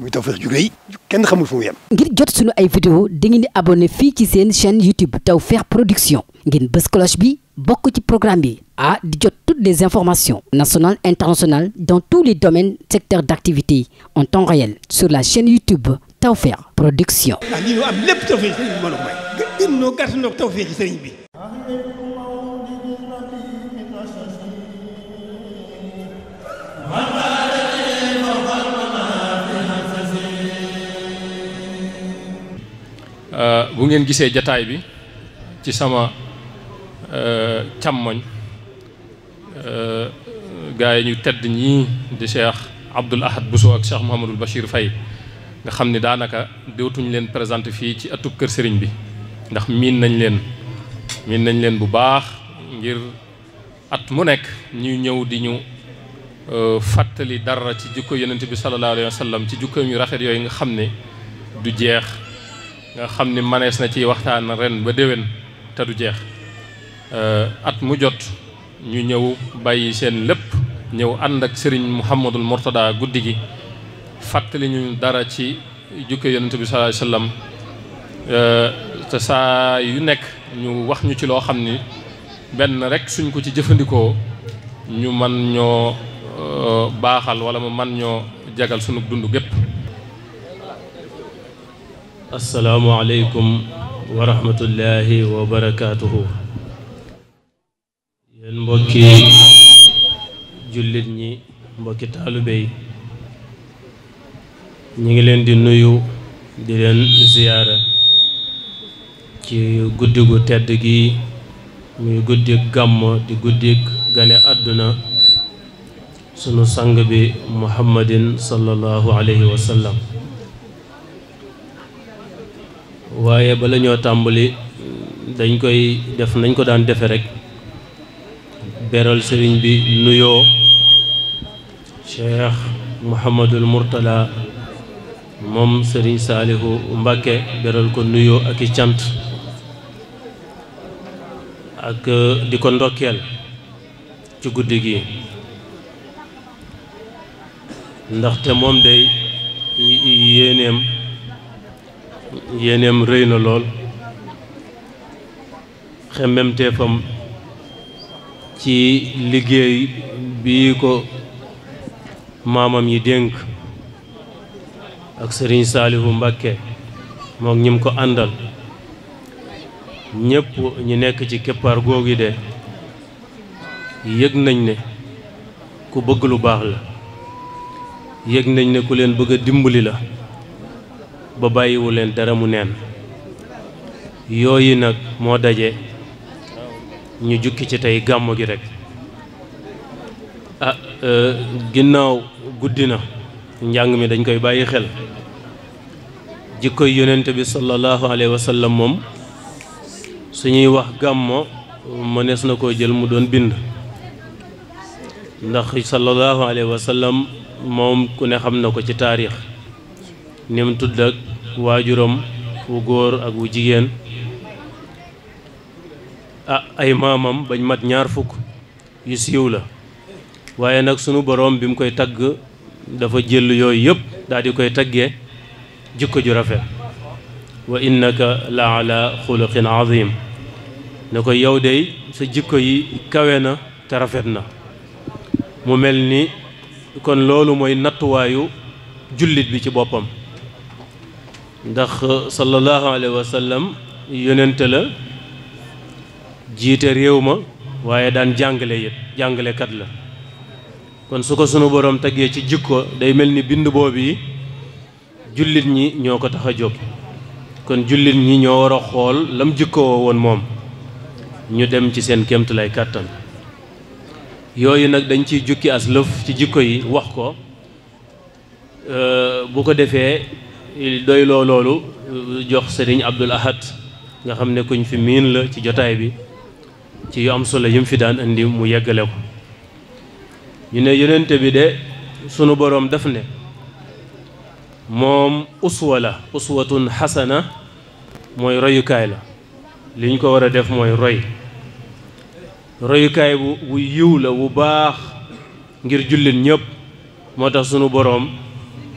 muy Tawfekh ju rëy kenn xamul fu mu yem. ngir jot sunu ay vidéo dangeen di abonné fii ci seen chaîne YouTube Tawfekh Production ngeen bës cloche bi bokk ci programme bi ah di jot toutes des informations nationales internationales dans tous les domaines secteurs d'activité en temps réel sur la chaîne YouTube Tawfekh Production. ah lii am Euh, bu ngeen gisee jataay bi ci sama euh, càmmoñ euh, gaa yi ñu tedd ñii di Cheikh Abdoul Ahad Bousso ak Cheikh Mouhamadul Bachir Faye nga xam ni daanaka dootuñ leen présenté fii ci atub kër sëriñ bi ndax miin nañ leen miin nañ leen bu baax ngir at mu nekk ñuy ñëw di ñu fàttali dara ci jukko yonent bi sallallahu alayhi wa sallam ci jukkoom yu rafet yooyu nga xam ne du jeex nga xam ni manees na ci waxtaan ren ba déwén te du jeex euh, at mu jot ñu ñëw bàyyi seen lépp ñëw ànd ak sëriñ Mouhamadul Mourtada guddi gi fàttali ñu dara ci jukke yonent bi sallallahu alayhi wasallam euh, te saa yu nekk ñu wax ñu ci loo xam ni benn rek suñ ko ci jëfandikoo ñu man ñoo euh, baaxal wala mu man ñoo jagal sunu dund gépp asalaamualeykum wa rahmatullahi wa barakaatuhu yéen mbokki jullit ñi mbokki taalibe yi ñu ngi leen di nuyu di leen ziyaara ci guddi gu tedd gi muy guddik gàmm di guddik gane àdduna sunu sang bi muhammadin sallallahu alayhi wa waaye balañoo tàmbali dañ koy def nañ ko daan defe rek beral sëriñ bi nuyoo cheikh Mouhamadul Mourtala moom sëriñ Saalihu Mbàkke beral ko nuyoo ak i cant ak di ko ndokkeel ci guddi gi ndaxte moom day yéeneem yéeneem réy na lool xemmemteefam ci liggéey bi ko maamam yi dénk ak sëriñ Saalihu Mbàkke moom ñim ko àndal ñépp ñi nekk ci keppaar googu de yëg nañ ne ku bëgg lu baax la yëg nañ ne ku leen bëgg dimbali la ba bàyyiwu leen dara mu neen yooyu nag moo daje ñu jukki ci tey gàmmo gi rek ah, euh, ginnaaw guddi na njàng mi dañ koy bàyyi xel jikkoy yonent bi sallallahu alayhi wa sallam moom suñuy wax gàmmo mënees na koo jël mu doon bind ndax sallallahu alayhi wa moom ku ne xam na ko ci taarix ni mu tudd ak waajuram wu góor ak wu jigéen ah, ay maamam bañ mat ñaar fukk yu siiw la waaye nag sunu boroom bi mu koy tagg dafa jël yooyu yëpp daal di koy taggee jikko ju rafet wa innaka la ala xuluqin azim ne ko yow dey sa jikko yi kawe na te rafet na mu mel ni kon loolu mooy nattuwaayu jullit bi ci boppam ndax sallallahu alayhi wa sallam la jiite réew ma waaye daan jàngale yit jàngalekat la kon su ko sunu boroom tegee ci jikko day mel ni bind boobu yi jullit ñi ñoo ko tax a jóg kon jullit ñi ñoo war a xool lam jikkoo woon moom ñu dem ci seen kémt lay kàttan yooyu nag dañ ciy jukki as ci jikko yi wax ko bu ko defee doyloo loolu euh, jox sëriñ Abdul Ahad nga xam ne kuñ fi miin la ci jotaay bi ci yu am solo yim fi daan indi mu yeggale ko ñu ne yonente bi de sunu boroom daf ne moom uswa la uswatun xasana mooy royukaay la li ñu ko war a def mooy roy royukaay bu wu yiw la wu baax ngir jullit ñëpp moo tax sunu boroom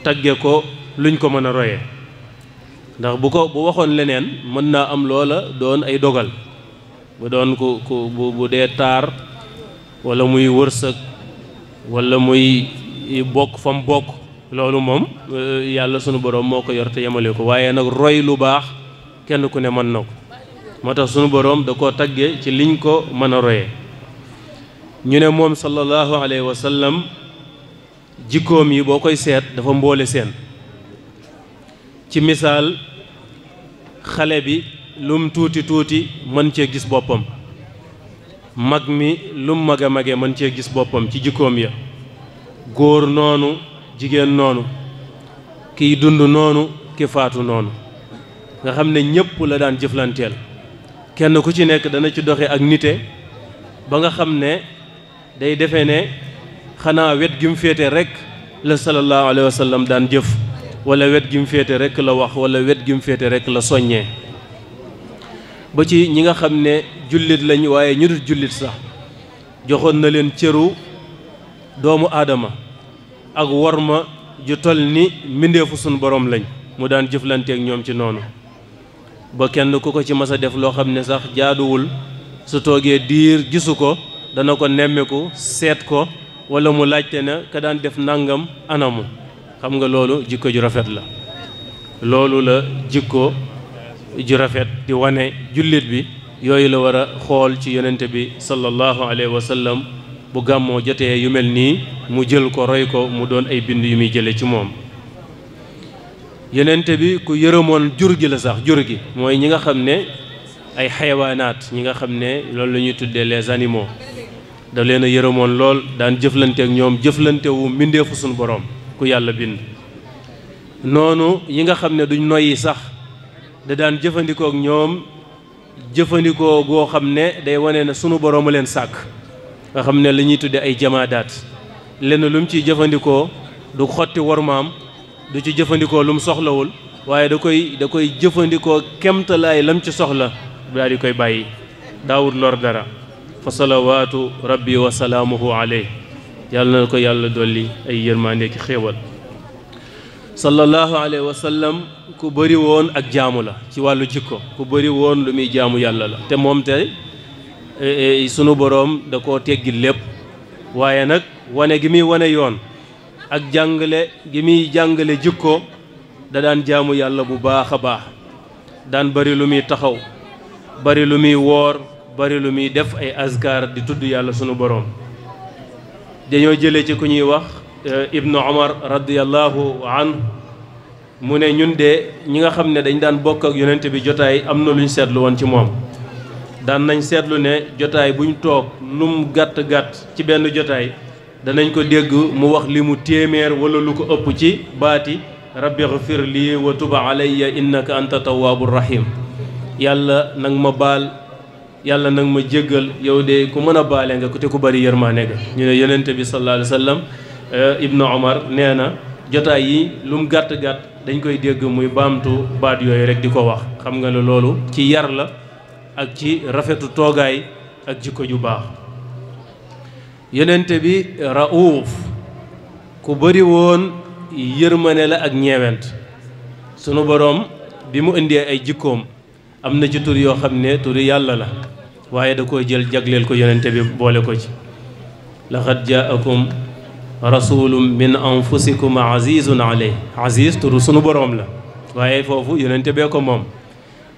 tagge ko luñ ko mën a royee ndax bu ko bu waxoon leneen mën naa am loola doon ay dogal bu doon ku ku bu dee taar wala muy wërsëg walla muy bokk fa mu bokk loolu moom eh, yàlla sunu boroom moo ko yor te yemale ko waaye nag roy lu baax kenn ku ne mën na ko moo tax sunu boroom da koo taggee ci liñ ko mën a royee ñu ne moom sallallahu alayhi wa sallam jikkoom yi boo koy seet dafa mboole seen ci misaal xale bi lum tuuti tuuti mën cee gis boppam mag mi lu mag a mage mën cee gis boppam ci jikkoom ya góor noonu jigéen noonu kiy dund noonu ki faatu noonu nga xam ne ñépp la daan jëflanteel kenn ku ci nekk dana ci doxe ak nite ba nga xam ne day defe ne xanaa wet gi mu féete rekk la sallallahu alayhi wa daan jëf wala wet gi mu féete rekk la wax wala wet gi mu féete rekk la soññee ba ci ñi nga xam ne jullit lañ waaye ñu dul jullit sax joxoon na leen cëru doomu aadama ak worma ju tol ni mbindeefu sunu borom lañ mu daan jëflanteek ñoom ci noonu ba kenn ku ko ci mas a def loo xam ne sax jaaduwul su toogee diir gisu ko dana ko nemmeeku seet ko wala mu laajte na ka daan def nangam anamu xam nga loolu jikko ju rafet la loolu la jikko ju rafet di wane jullit bi yooyu la war a xool ci yonente bi sallallahu alayhi wa sallam bu gàmmoo jotee yu mel nii mu jël ko roy ko mu doon ay bind yu muy jële ci moom yonente bi ku yërëmoon jur gi la sax jur gi mooy ñi nga xam ne ay xayawaanaat ñi nga xam ne loolu la ñuy tuddee les animaux da leen a yërëmoon lool daan jëflante ak ñoom jëflantewu wu mbindeefu suñu borom yàlla bind noonu yi nga xam ne duñ noyyi sax da daan jëfandikoo ñoom jëfandikoo goo xam ne day wane na sunu borooma leen sàkk nga xam ne li ñuy tudde ay jamaadaat lenn lum mu ciy jëfandikoo du xotti warmaam du ci jëfandikoo lu soxlawul waaye da koy da koy jëfandikoo kemtalaay lam ci soxla daal di koy bàyyi daawut lor dara fa salawaatu rabbi wa salaamuhu yàlla na ko yàlla dolli ay yërmande ki xéewal sallallahu alayhi wa sallam ku bëri woon ak jaamu la ci wàllu jikko ku bëri woon lu muy jaamu yàlla la te moom te e, e, sunu boroom da koo teggi lépp waaye nag wane gi muy wane yoon ak jàngale gi muy jàngale jikko da daan jaamu yàlla bu baax a baax daan bari lu muy taxaw bëri lu muy woor bari lu muy def ay azkar di tudd yàlla sunu boroom dañoo jëlee ci ku ñuy wax euh, ibnu omar radiallahu anhu mu ne ñun de ñi nga xam ne dañ daan bokk ak yonent bi jotaay am na lu ñu seetlu woon ci moom daan nañ seetlu ne jotaay bu ñu toog lu mu gàtt-gàtt ci benn jotaay danañ ko dégg mu wax li mu téeméer wala lu ko ëpp ci baati rabbi xfir lii wa tuba alayya innaka anta tawaabu rahim yàlla nag ma baal yàlla nag ma jéggal yow de ku mën a baale nga ku te ku bari yërmaane nga ñu ne yonent bi sallallahu alayhi wa sallam eh, ibnu omar nee na jotaay yi lu mu gàtt-gàtt dañ koy dégg muy baamtu baat yooyu rek di ko wax xam nga ne loolu ci yar la ak ci rafetu toogaay ak jikko ju baax yenent bi rauf ku bari woon yërmane la ak ñeewent sunu boroom bi mu indee ay jikkoom am na ci tur yoo xam ne turi yàlla la waaye da koo jël jagleel ko yonente bi boole ko ci laqad jaakum rasulun min anfusikum azizun aley tur sunu boroom la waaye foofu yonente bee ko moom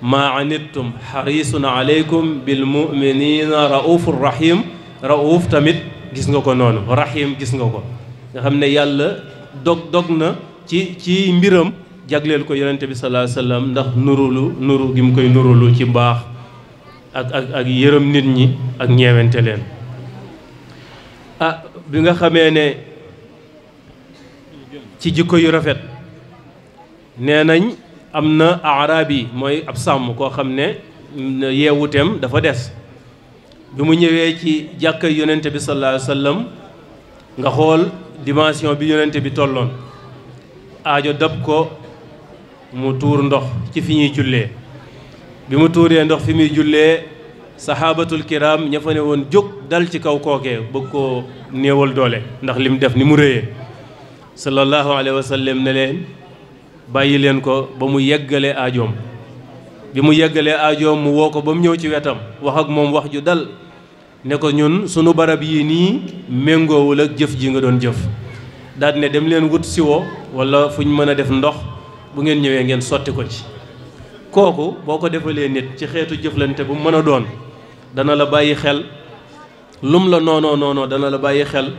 maa anittum xarisun aleykum bil muminina rauf rahim rauf tamit gis nga ko noonu rahim gis nga ko nga xam ne yàlla dog dog na ci ci mbiram jagleel ko yonente bi sallallahu alayhi wasallam ndax nurulu nuru gi mu koy nurulu ci baax ak ak yërëm nit ñi ak ñeewante leen ah bi nga xamee ne ci jikko yu rafet nee nañ am na arab yi mooy ab sàmm koo xam ne yeewuteem dafa des bi mu ñëwee ci jàkka yonente bi sallallahu alayhi wasallam nga xool dimension bi yonente bi tolloon aajo dab ko mu tuur ndox ci fi ñuy jullee bi mu tuuree ndox fi muy jullee saxaabatul kiram ña fa ne woon jóg dal ci kaw kookee bëgg koo néewal doole ndax lim def ni mu rëyee sallallahu alayhi wa sallam ne leen bàyyi leen ko ba mu yeggalee aajoom bi mu yeggalee aajoom mu woo ko ba mu ñëw ci wetam wax ak moom wax ju dal ne ko ñun sunu barab yii nii méngoowul ak jëf ji nga doon jëf daal ne dem leen wut siwo walla fu ñu mën a def ndox bu ngeen ñëwee ngeen sotti ko ci kooku boo ko defalee nit ci xeetu jëflante bu mën a doon dana la bàyyi xel lum la noonoo noonoo dana la bàyyi xel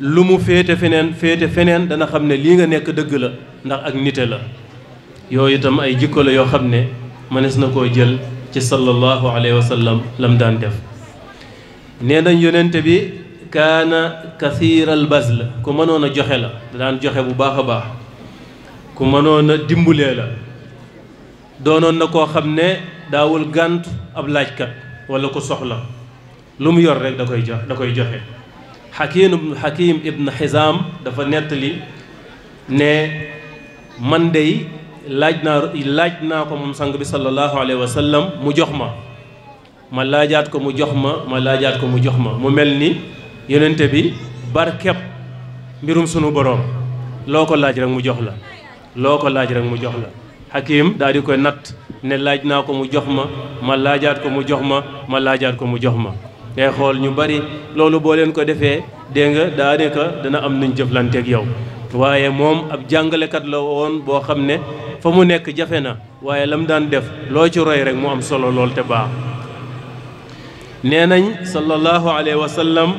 lu mu féete feneen féete feneen dana xam ne lii nga nekk dëgg la ndax ak nite la yooyu itam ay jikko la yoo xam ne mënees na koo jël ci sallallahu alayhi wa sallam lam daan def nee nañ yonente bi kaana bas la ku mënoon a joxe la daan joxe bu baax a baax ku mënoon a dimbulee la doonoon na koo xam ne daawul gànt ab laajkat walla ko soxla lu mu yor rek da koy jox da koy joxe xakim xakim ibn xisaam dafa nettali ne man dey laaj naa laaj naa ko moom sang bi sallallahu alayhi wa sallam mu jox ma ma laajaat ko mu jox ma ma laajaat ko mu jox ma mu mel ni yonente bi barkeb mbirum sunu boroom loo ko laaj rek mu jox la loo ko laaj rek mu jox la Hakim daal di koy natt ne laaj naa ko mu jox ma ma laajaat ko mu jox ma ma laajaat ko mu jox ma ngay xool ñu bari loolu boo leen ko defee dégg nga daanaka dana am nuñ jëflanteeg yow waaye moom ab jàngalekat la woon boo xam ne fa mu nekk jafe na waaye lam daan def loo ci roy rek mu am solo lool te baax nee nañ sallallahu alayhi wa sallam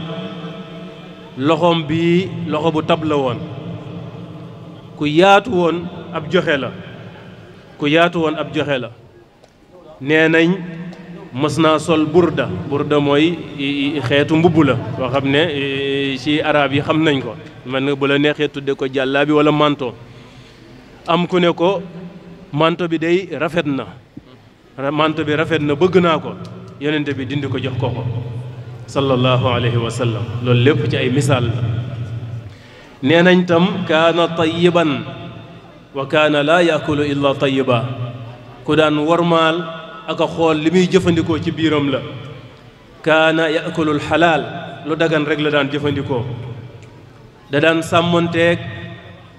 loxoom bii loxo bu tab la woon ku yaatu woon ab joxe la ku yaatu woon ab joxe la nee nañ mës naa sol burda burda mooy xeetu mbubb la boo xam ne ci arab yi xam nañ ko man bu la neexee tudde ko jàllaa bi wala manto am ku ne ko manto bi day rafet na manto bi rafet na bëgg naa ko yonente bi dindi ko jox ko ko sallallahu alayhi wa loolu lépp ci ay misaal la nee nañ tam kaana tayiban wa kaana laa yakulu illa tayiba ku daan wormaal aka xool li muy jëfandikoo ci biiram la kaana yakulul xalaal lu dagan rekk la daan jëfandikoo da daan sàmmanteeg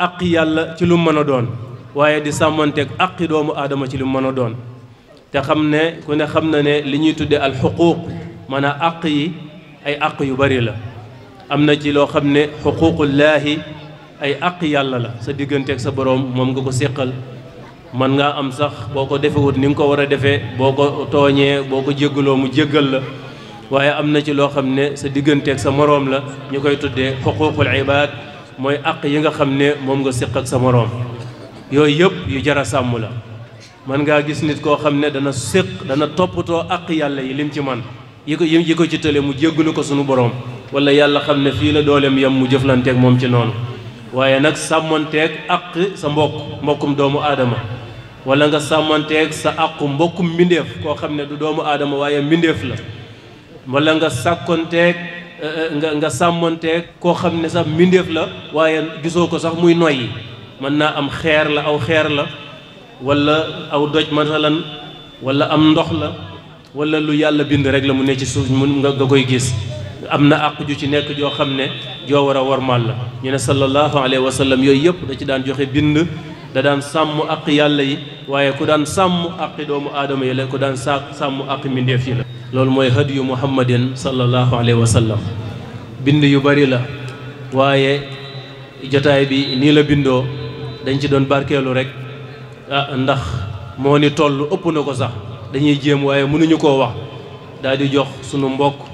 aq yàlla ci lu mën a doon waaye di sàmmanteeg aqi doomu aadama ci lu mën a doon te xam ne ku ne xam na ne li ñuy tudde alxuquuq maanaam àq yi ay àq yu bari la am na ci loo xam ne xuququllaahi ay àq yàlla la sa digganteeg sa boroom moom nga ko séqal man ngaa am sax boo ko defewut ni nga ko war a defee boo ko tooñee boo ko jéggaloo mu jéggal la waaye am na ci loo xam ne sa digganteeg sa moroom la ñu koy tuddee xuququl ibaad mooy àq yi nga xam ne moom nga séq ak sa moroom yooyu yëpp yu jara sàmm la man ngaa gis nit koo xam ne dana séq dana toppatoo àq yàlla yi lim ci man yi ko yi ko ci tële mu jéggalu ko sunu boroom wala yàlla xam ne fii la dooleem yam mu jëflanteek moom ci noonu waaye nag sàmmanteeg àq sa mbokk mbokkum doomu aadama wala nga sàmmanteeg sa àqu mbokkum mbindeef koo xam ne du doomu aadama waaye mbindeef la wala nga sàkkonteeg eh, eh, nga nga sàmmanteeg koo xam ne sax mbindeef la waaye gisoo ko sax muy noyyi mën naa am xeer la aw xeer la wala aw doj masalan walla am ndox la walla lu yàlla bind rek la mu ne ci suuf nga koy gis am na àq ju ci nekk joo xam ne joo war a warmaal la ñu ne sallallahu alayhi wasalam yooyu yëpp da ci daan joxe bind da daan sàmm àq yàlla yi waaye ku daan sàmm àqi doomu aadama yi la ku daan sa sàmm àq mbindeef yi loolu mooy hadiyu muhammadin sallallahu alayhi wa sallam bind yu bari la waaye jotaay bi nii la bindoo dañ ci doon barkeelu rek ah, ndax moo ni toll ëpp na ko sax dañuy jéem waaye mënuñu koo wax dal di jox sunu mbokk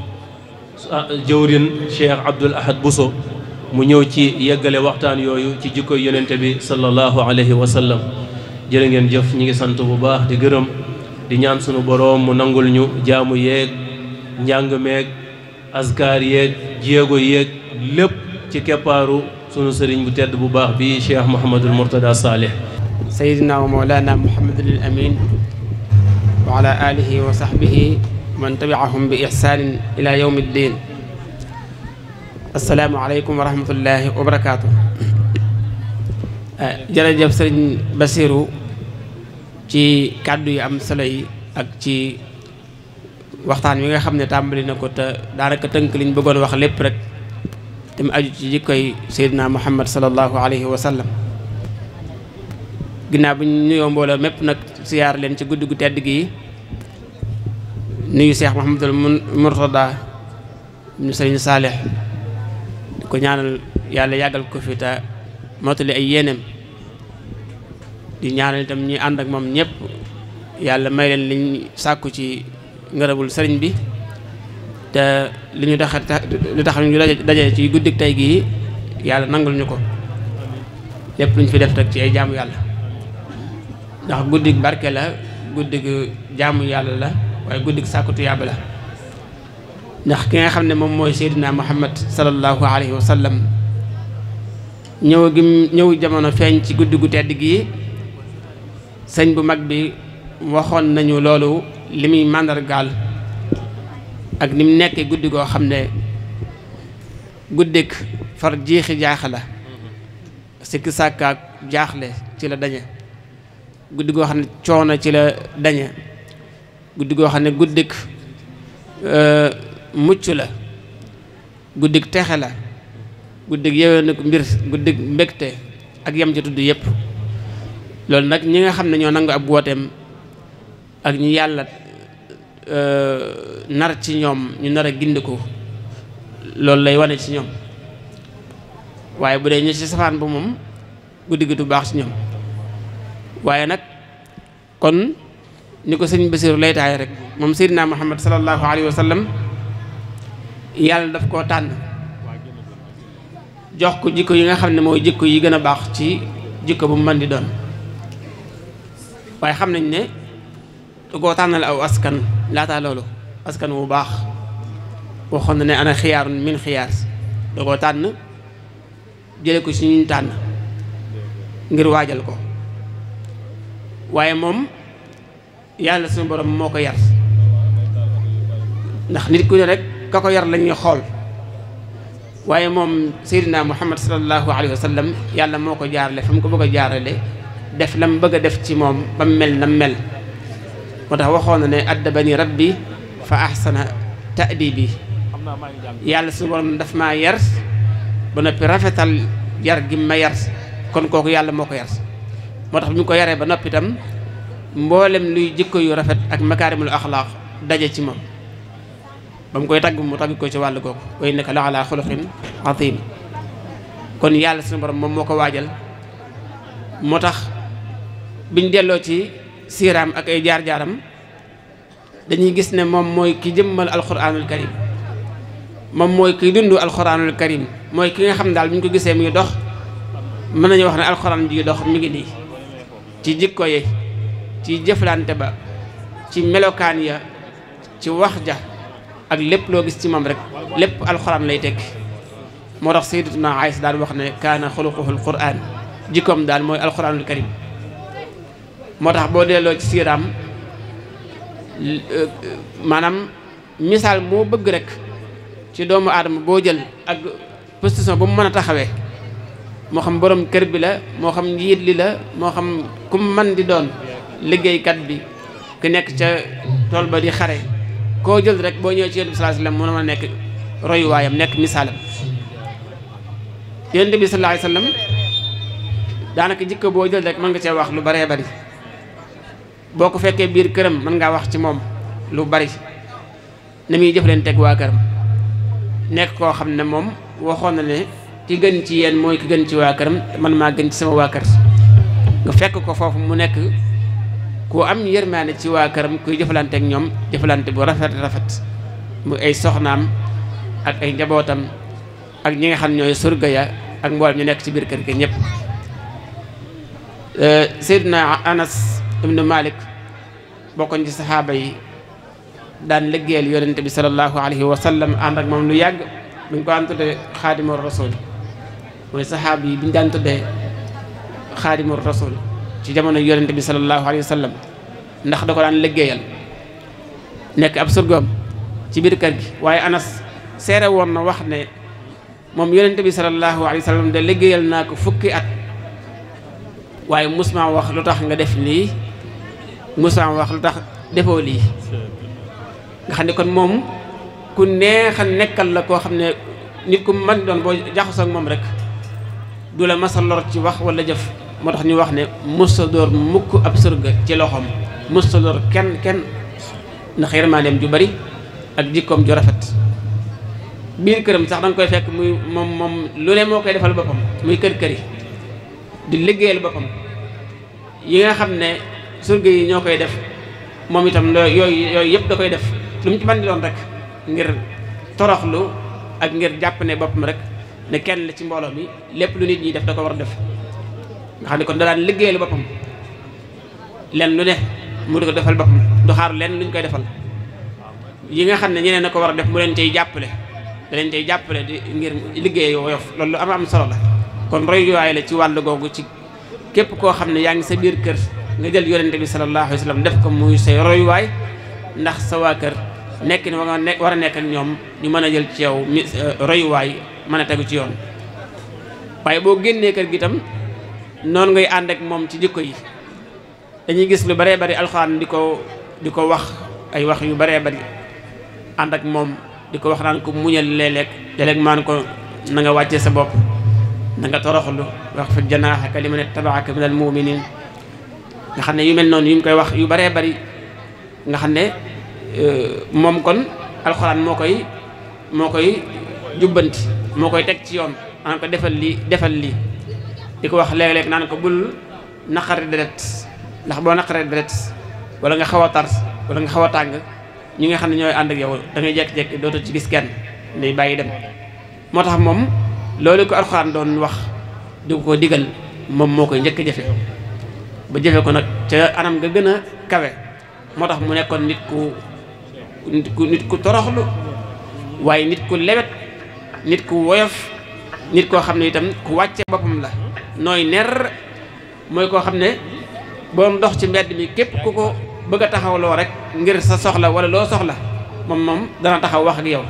jëwrin Cheikh Abdoul Ahad Bousso mu ñëw ci yeggale waxtaan yooyu ci jikkoy yonente bi sallallahu alayhi wa sallam jërë ngeen jëf ñi ngi sant bu baax di gërëm di ñaan sunu boroom mu nangul ñu jaamu yéeg njàng meeg askaar yeeg jéego yeeg lépp ci keppaaru sunu sëriñ bu tedd bu baax bi Cheikh Mouhamadul Mourtada Saleh sayyidina wa mawlana Mouhamadul Amin wa ala wa sahbihi man tabiahum bi ihsaanin ila yawmi ddin asalaamu aleykum wa rahmatullahi wa barakaatu eh, jërëjëf sëriñ Basiru ci kàddu yi am solo yi ak ci waxtaan wi nga xam ne tàmbali na ko te daanaka tënk liñ bëggoon wax lépp rek te mu aju ci jikkoy Seydina Muhammad sallallahu alayhi wa sallam ginnaaw bu ñu nuyoo mbooloo mépp nag siyaar leen ci guddi gu tedd gi nuyu Seex Muhammadul Murtada ñu sëriñ Saalix di ko ñaanal yàlla yàggal ko fi te mottali ay yéeneem di ñaanal itam ñi ànd ak moom ñëpp yàlla may leen liñ sàkku ci ngërëmul sëriñ bi te li ñu tax li tax ñu daje ci guddik tey gii yàlla nangul ñu ko lépp luñ fi def rek ci ay jaamu yàlla ndax guddik barke la guddik jaamu yàlla la waaye guddi sàkku tuyaaba la ndax ki nga xam ne moom mooy Seydina Muhammad sallallahu alayhi wa sallam ñëw gi ñëw jamono feeñ ci guddi gu tedd gi sëñ bu mag bi waxoon nañu loolu li muy màndargaal ak ni mu nekkee guddi goo xam ne guddik far jiixi jaax la sikki sàkkaak jaaxle ci la dañe guddi goo xam ne coono ci la dañe guddi goo xam ne guddik euh, mucc la guddik texe la guddik yewenuk mbir guddik mbégte ak yam ci tudd yépp loolu nag ñi nga xam ne ñoo nangu ab wooteem ak ñi yàlla euh, nar ci ñoom ñu nar a ko loolu lay wane ci ñoom waaye bu dee ñi ci safaan bu moom guddi gi du baax ci ñoom waaye nag kon ni ko sëñ Basiru laytaay rek moom Seydina Muhammad sallallahu alayhi wa sallam yàlla daf koo tànn jox ko jikko yi nga xam ne mooy jikko yi gën a baax ci jikko bu man di doon waaye xam nañ ne du koo tànnal aw askan laataa loolu askan wu baax waxoon na ne ana xiyaarun min xiyaar du koo tànn jële ko ci ñu tànn ngir waajal ko waaye moom yàlla suñu borom moo ko yar ndax nit ku ne rek ka ko yar la ñuy xool waaye moom Seydina Muhammad sallallahu alayhi wa sallam yàlla moo ko jaarale fa mu ko bëgg a jaarale def lam bëgg a def ci moom ba mel na mel moo tax waxoon na ne addabani rabbi fa ahsana ta'dibi yàlla suñu borom daf maa yar ba noppi rafetal yar gi ma yar kon kooku yàlla moo ko yar moo tax bi mu ko yaree ba noppi mboolem luy jikko yu rafet ak makaarimul axlaaq daje ci moom ba mu koy tagg mu tagg ko ci wàll googu wa innaka la ala xuluqin kon yàlla si borom moom moo ko waajal moo tax biñ delloo ci siiraam ak ay jaar-jaaram dañuy gis ne moom mooy ki jëmmal alquranul karim moom mooy ki dund alquranul karim mooy ki nga xam daal bu ñu ko gisee ngi dox mën nañu wax ne alquran ji dox mi ngi nii ci jikko yi ci jëflante ba ci melokaan ya ci wax ja ak lépp loo gis ci moom rek lépp alxuraan lay tekki moo tax naa ay Aysa daal wax ne kaana xuluquhul quraan jikkoom daal mooy alxuraanul karim moo tax boo delloo ci siiraam maanaam misaal moo bëgg rek ci doomu aadama boo jël ak position bu mu mën a taxawee moo xam boroom kër bi la moo xam njiit li la moo xam ku man di doon liggéeykat bi ku nekk ca tool ba di xare koo jël rek boo ñëwee ci yonent bi sallallahu alayhi wasallam mën na nekk royuwaayam nekk misaalam yonent bi sallallahu alayhi wasallam daanaka jikko boo jël rek mën nga cee wax lu baree bari boo ko fekkee biir këram mën ngaa wax ci moom lu bari na muy jëflanteeg waa këram nekk koo xam ne moom waxoon na ne ki gën ci yéen mooy ki gën ci waa këram man maa gën ci sama waa kër nga fekk ko foofu mu nekk ku am yërmaane ci waa këram kuy jëflante ak ñoom jëfalante bu rafet rafet mu ay soxnaam ak ay njabootam ak ñi nga xam ñooy surga ya ak mboolem ñu nekk ci biir kër ga ñëpp euh, Seydina Anas ibnu Malik bokkoon ci saxaaba yi daan liggéeyal yonent bi sallallahu alayhi wa sallam ak moom lu yàgg bu ko daan tuddee xaadimul rasul mooy saxaaba yi bi ñu daan tuddee xaadimul ci jamono yonente bi sallallahu alayhi wa sallam ndax da ko daan liggéeyal nekk ab surgoom ci biir kër gi waaye anas seere woon na wax ne moom yonente bi sallallahu alayhi wa sallam de liggéeyal naa ko fukki at waaye musma wax lu tax nga def lii musma wax lu tax defoo lii nga xam ne kon moom ku neexa nekkal la koo xam ne nit ku mën doon boo jaxasoo ak moom rek du la masa lor ci wax walla jëf moo tax ñu wax ne mësta door mukk ab sërga ci loxoom mësta door kenn kenn ndax yërmandeem ju bari ak jikkoom ju rafet biir këram sax danga koy fekk muy moom moom lu ne moo koy defal boppam muy kër kër di liggéeyal boppam yi nga xam ne surga yi ñoo koy def moom itam loo yooyu yooyu yëpp da koy def lu mu ci mën di doon rek ngir toroxlu ak ngir jàpp ne boppam rek ne kenn la ci mbooloo mi lépp lu nit ñi def da ko war def nga xam ne kon da daan liggéeyal boppam lenn lu ne mu di ko defal boppam du xaar leen luñ koy defal yi nga xam ne ñeneen a ko war a def mu leen tey jàppale da leen tey jàppale di ngir liggéey woyof loolu am am solo la kon royuwaay la ci wàllu googu ci képp koo xam ne yaa ngi sa biir kër nga jël yonente bi sallallahu alayhi wa sallam def ko muy say royuwaay ndax sa kër nekk ni nga war a nekk ñoom ñu mën a jël ci yow royuwaay mën a tegu ci yoon waaye boo génnee kër gi tam noonu ngay ànd ak moom ci jikko yi dañuy gis lu baree bari alxuraan di ko di ko wax ay wax yu baree bari ànd ak moom di ko wax naan ko muñal léeg-léeg léeg-léeg maan ko nanga wàcce sa bopp na nga toroxlu wax fa janaaxaka liman ittabaaka minal mu'minin nga xam ne yu mel noonu yu mu koy wax yu baree bari nga xam ne euh, moom kon alxuraan moo koy moo koy jubbanti moo koy teg ci yoon an ko defal lii defal lii di ko wax léeg naa ne ko bul naqari deret ndax boo naqaree deret wala nga xaw a tar wala nga xaw a tàng ñu nga xam ne ñooy ànd ak yow da ngay jekki jékki dootoo ci gis kenn day bàyyi dem moo tax moom loolu ko Alxuraan doon wax di ko digal moom moo koy njëkk a jëfe ba jëfe ko nag ca anam nga gën a kawe moo tax mu nekkoon nit ku nit ku nit ku toroxlu waaye nit ku lewet nit ku woyof nit koo xam ne itam ku wàcce boppam la nooy ner mooy koo xam ne boom dox ci mbedd mi képp ku ko bëgg a taxaw loo rek ngir sa soxla wala loo soxla moom moom dana taxaw wax ak yow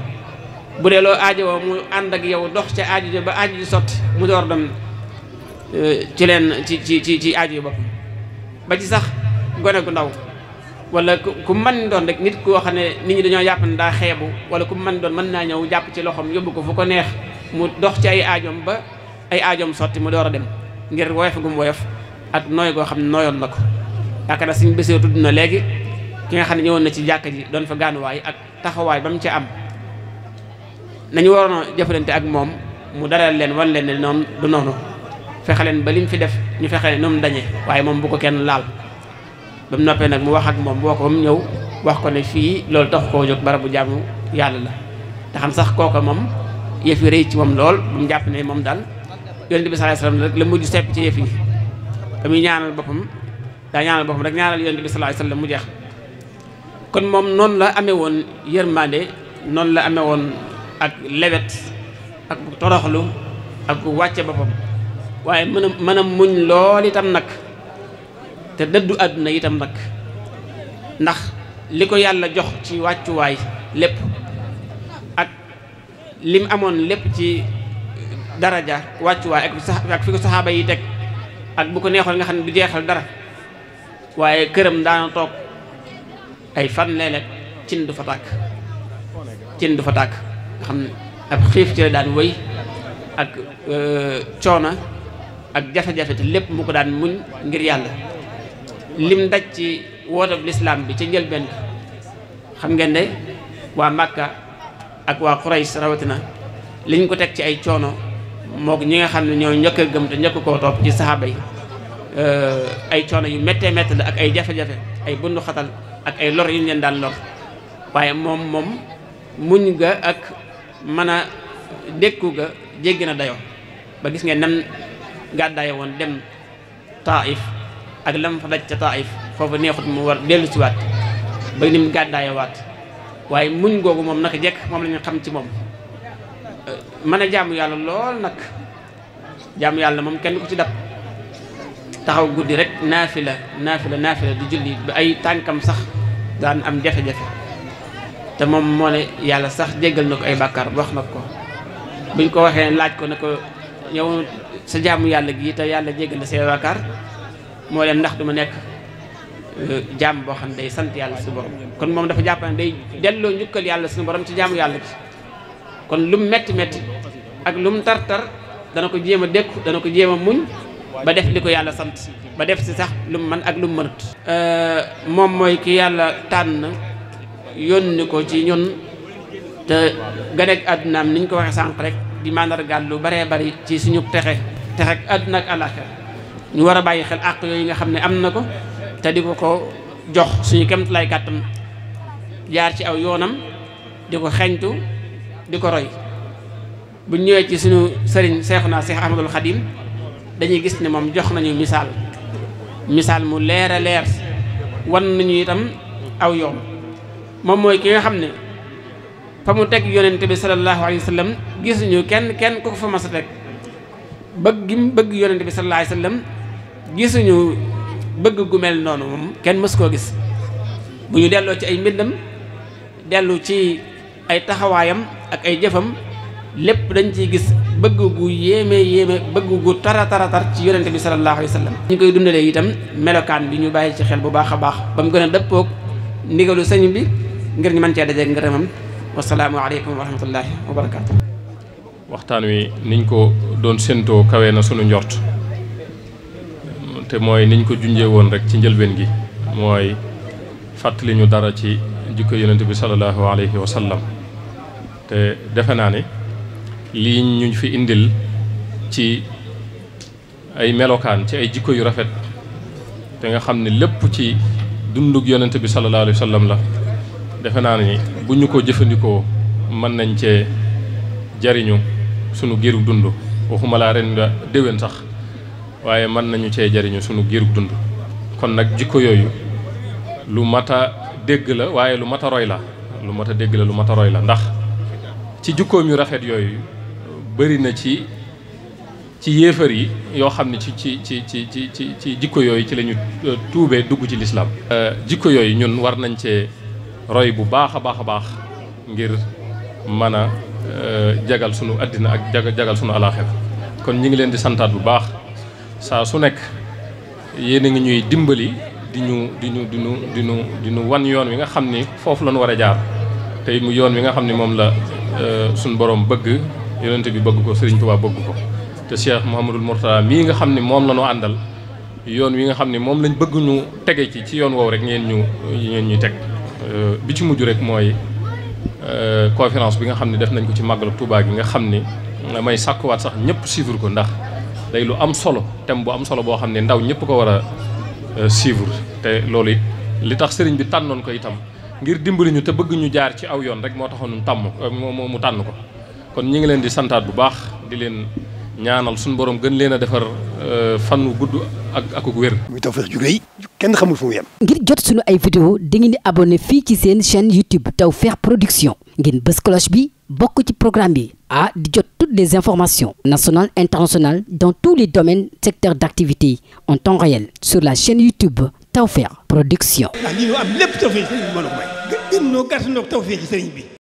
bu dee loo aajowoo mu ànd ak yow dox ca aajo ba aajo ji sotti mu door eh, ci leen ci ci ci ci aajo yu bopp ba ci sax gone gu ndaw wala ku mën doon rek nit koo xam ne nit ñi dañoo yàpp ne xeebu wala ku mën doon mën naa ñëw jàpp ci loxoom yóbbu ko fu ko neex mu dox ci ay aajoom ba ay aajoom sotti mu door a dem ngir woyof gu mu woyof ak nooy goo xam ne nooyoon na ko yaakaar si suñ béseer tudd na léegi ki nga xam ne ñëwoon na ci jàkk ji doon fa gaanuwaay ak taxawaay ba mu ci am nañu waroon a jëfalante ak moom mu dalal leen wan leen ne noon du noonu fexe leen ba li mu fi def ñu fexe ne mu dañee waaye moom bu ko kenn laal ba mu noppee nag mu wax ak moom boo ko ba mu ñëw wax ko ne fii loolu taxu koo jóg barabu jaamu yàlla la te xam sax kooka moom yëf yi rëy ci moom lool bu jàpp ne moom daal yonent bi sallallahu alayhi rek la mujj sepp ci yëf yi damuy ñaanal boppam daa ñaanal boppam rek ñaanal yonent bi sallallahu alayhi wasallam mu jeex kon moom noonu la amee woon yërmande noonu la amee woon ak lewet ak toroxlu ak wàcce boppam waaye mën a mën a muñ lool itam nag te dëddu àdduna itam nag ndax li ko yàlla jox ci wàccuwaay lépp ak lim amoon lépp ci daraja wàccuwaay ak ak fi ko saxaaba yi teg ak bu ko neexoon nga xam ne du jeexal dara waaye këram daana toog ay fan léeg-léeg cin du fa tàkk cin du fa tàkk nga xam ne ab xiif ci daan wéy ak euh, coono ak jafe-jafe te lépp mu ko daan muñ ngir yàlla lim daj ci wootab lislaam bi ci njëlbeen ko xam ngeen de waa Màkka ak waa Quraysh rawatina liñ ko teg ci ay coono mook ñi nga xam ne ñoo njëkk a gëm te njëkk koo topp ci saxaaba yi euh, ay coono yu méttee métte la ak ay jafe-jafe ay bundu ak ay lor yu ñu leen daan lor waaye moom moom muñ ga ak mën a dékku ga jéggi na dayoo ba gis ngeen nan gàddaayo woon dem Taif ak lam fa daj ca Taif foofu neexut mu war dellu si waat ba ni mu waat waaye muñ googu moom naka jekk moom lañu xam ci moom mën a jaamu yàlla lool nag jaamu yàlla moom kenn ku ci dab taxaw guddi rek naafi naafila naafila naafila di julli ba ay tànkam sax daan am jafe-jafe te moom moo ne yàlla sax jéggal na ko ay bàkkaar wax na ko buñ ko waxee laaj ko ne ko yow sa jaamu yàlla gi te yàlla jéggal na say bàkkaar moo leen ndax duma nekk euh, jaam boo xam ne day sant yàlla suñu borom kon moom dafa jàpp ne day delloo njukkal yàlla si borom ci jaamu yàlla gi kon lum metti metti ak mu tar-tar dana ko jéem a dékku dana ko jéem a muñ ba def li ko yàlla sant ba def si sax lum man ak lum mënut euh, moom mooy ki yàlla tànn yónni ko ci ñun te ganeek àddunaam niñ ko waxee sànq rek di màndargaal lu baree bari ci suñu texe texe ak àdduna ak àllaaxira ñu war a bàyyi xel àq yooyu nga xam ne am na ko te di ko ko jox suñu kemtulaay kàttam jaar ci aw yoonam di ko xeñtu di ko roy buñ ñëwee ci suñu sëriñ Seexuna Seex Ahmadul Xadim dañuy gis ne moom jox nañu misaal misaal mu leer a leer wan nañu itam aw yoon moom mooy ki nga xam ne fa mu teg yonente bi sallallahu alayhi wa gisuñu kenn kenn ku ko fa masa a teg bëgg gi mu bëgg yonente bi sallallahu alayhi wa gisuñu bëgg gu mel noonu moom kenn mës koo gis bu ñu delloo ci ay mbindam dellu ci ay taxawaayam ak ay jëfam lépp dañ ci gis bëgg gu yéeme yéeme bëgg gu tara tara tar ci yonente bi sallallahu alayhi wa sallam ñu koy dundalee itam melokaan bi ñu bàyyi ci xel bu baax a baax ba mu gën a dëppoog ndigalu sëñ bi ngir ñu mën cee nga ngërëmam wasalaamu aleykum wa rahmatullahi waxtaan wi niñ ko doon séntoo kawe na sunu njort te mooy niñ ko junjee woon rek ci njëlbeen gi mooy fàttali ñu dara ci jikko yonente bi sallallahu alayhi wa sallam te defe naa ne lii ñu fi indil ci ay melokaan ci ay jikko yu rafet te nga xam ne lépp ci dundug yonent bi sallallahu alayhi wa sallam la defe naa ne bu ñu ko jëfandikoo mën nañ cee jariñu sunu giirug dund waxuma laa ren nga déwén sax waaye mën nañu cee jariñu sunu giirug dund kon nag jikko yooyu lu mat a dégg la waaye lu mat roy la lu mat a dégg la lu mat roy la ndax ci jukkoom yu rafet yooyu bëri na ci ci yéefar yi yoo xam ne ci ci ci ci ci ci jikko yooyu ci lañu ñu euh, tuubee dugg ci lislaam euh, jikko yooyu ñun war nañ cee roy bu baax a baax a baax ngir mën a euh, jagal sunu àddina ak jagal jagal sunu alaaxira kon ñi ngi leen di santaat bu baax saa su nekk yéen a ngi ñuy dimbali di ñu di ñu di ñu di ñu di ñu wan yoon wi nga xam ni foofu la ñu war a jaar tey mu yoon wi nga xam ni moom la Euh, suñ borom bëgg yonent bi bëgg ko Serigne Touba bëgg ko te Cheikh Mouhamadul Mourtada mii nga xam ni moom la ñu àndal yoon wi nga xam ne moom lañ bëgguñu ñu tege ci ci yoon woowu rek ngeen ñu ngeen ñuy teg euh, bi ci mujj rek mooy euh, conférence bi nga xam ne def nañ ko ci màggalu Touba gi nga xam ni nga may sàkkuwaat sax ñëpp suivre ko ndax day lu am solo thème bu am solo boo xam ne ndaw ñëpp ko war a suivre te loolu li tax sëriñ bi tànnoon ko itam ngir dimbali ñu te bëgg ñu jaar ci aw yoon rek moo taxoon mu tàmm moo mu tànn ko kon ñi ngi leen di santaat bu baax di leen ñaanal suñu borom gën leen a defar euh, fan wu gudd ak ak wér. muy Tawfekh ju rëy kenn xamul fu mu ngir jot suñu ay vidéo dangeen di abonné fii ci seen chaîne YouTube Tawfekh Production ngeen bës cloche bi bokk ci programme bi ah di jot toutes les informations nationales internationales dans tous les domaines secteurs d'activité en temps réel sur la chaîne YouTube. Tawfekh Production. Ah, am lépp tawfeex ci sëriñ bi mën a may. gën noo gàtt noo bi.